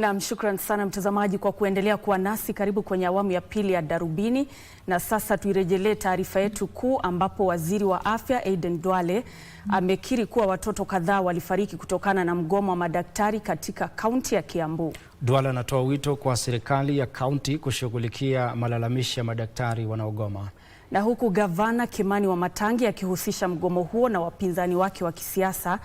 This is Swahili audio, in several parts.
Nam, shukran sana mtazamaji kwa kuendelea kuwa nasi. Karibu kwenye awamu ya pili ya Darubini, na sasa tuirejelee taarifa yetu kuu, ambapo waziri wa afya Aden Duale amekiri kuwa watoto kadhaa walifariki kutokana na mgomo wa madaktari katika kaunti ya Kiambu. Duale anatoa wito kwa serikali ya kaunti kushughulikia malalamishi ya madaktari wanaogoma. Na huku gavana Kimani wa matangi akihusisha mgomo huo na wapinzani wake wa kisiasa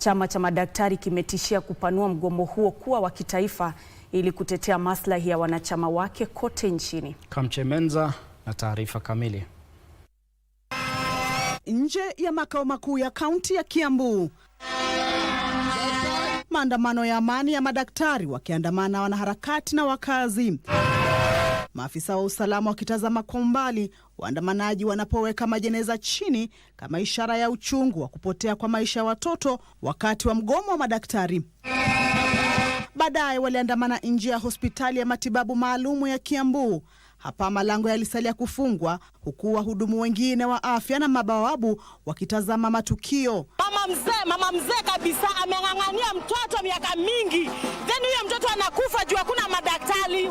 Chama cha madaktari kimetishia kupanua mgomo huo kuwa wa kitaifa ili kutetea maslahi ya wanachama wake kote nchini. Kamche Menza na taarifa kamili. Nje ya makao makuu ya kaunti ya Kiambu, maandamano ya amani ya madaktari wakiandamana wanaharakati na wakazi maafisa wa usalama wakitazama kwa umbali waandamanaji wanapoweka majeneza chini kama ishara ya uchungu wa kupotea kwa maisha ya watoto wakati wa mgomo wa madaktari. Baadaye waliandamana nje ya hospitali ya matibabu maalumu ya Kiambu. Hapa malango yalisalia kufungwa, huku wahudumu wengine wa afya na mabawabu wakitazama matukio. Mama mzee, mama mzee kabisa ameng'ang'ania mtoto miaka mingi, then huyo mtoto anakufa juu hakuna madaktari.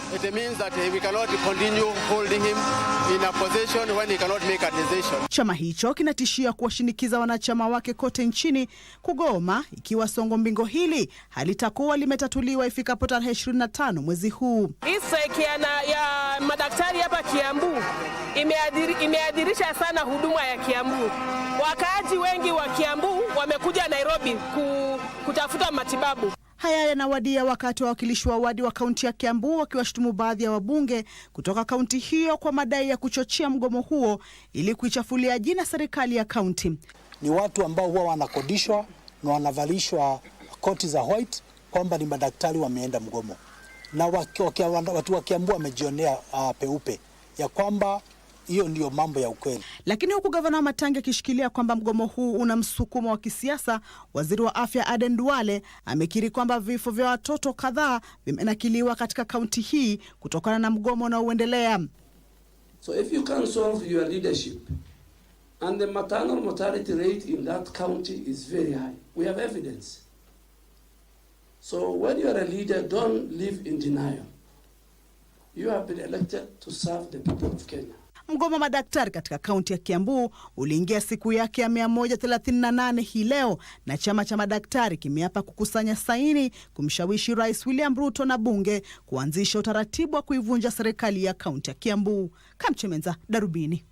Chama hicho kinatishia kuwashinikiza wanachama wake kote nchini kugoma ikiwa songo mbingo hili halitakuwa limetatuliwa ifikapo tarehe 25 mwezi huu. Isekiana ya madaktari hapa Kiambu imeadhirisha sana huduma ya Kiambu. Wakaaji wengi wa Kiambu wamekuja Nairobi kutafuta matibabu. Haya yanawadia wakati wa wawakilishi wa wadi wa kaunti ya Kiambu wakiwashutumu baadhi ya wabunge kutoka kaunti hiyo kwa madai ya kuchochea mgomo huo ili kuichafulia jina serikali ya kaunti. Ni watu ambao huwa wanakodishwa na wanavalishwa koti za white kwamba ni madaktari wameenda mgomo, na watu wa Kiambu wamejionea uh, peupe ya kwamba hiyo ndiyo mambo ya ukweli. Lakini huku gavana wa Matangi akishikilia kwamba mgomo huu una msukumo wa kisiasa, waziri wa afya Aden Duale amekiri kwamba vifo vya watoto kadhaa vimenakiliwa katika kaunti hii kutokana na mgomo unaoendelea. So if you can solve your leadership and the maternal mortality rate in that county is very high. We have evidence. So when you are a leader, don't live in denial. You have been elected to serve the people of Kenya. Mgomo wa madaktari katika kaunti ya Kiambu uliingia siku yake ya 138 hii leo, na chama cha madaktari kimeapa kukusanya saini kumshawishi Rais William Ruto na bunge kuanzisha utaratibu wa kuivunja serikali ya kaunti ya Kiambu. Kamchemenza, Darubini.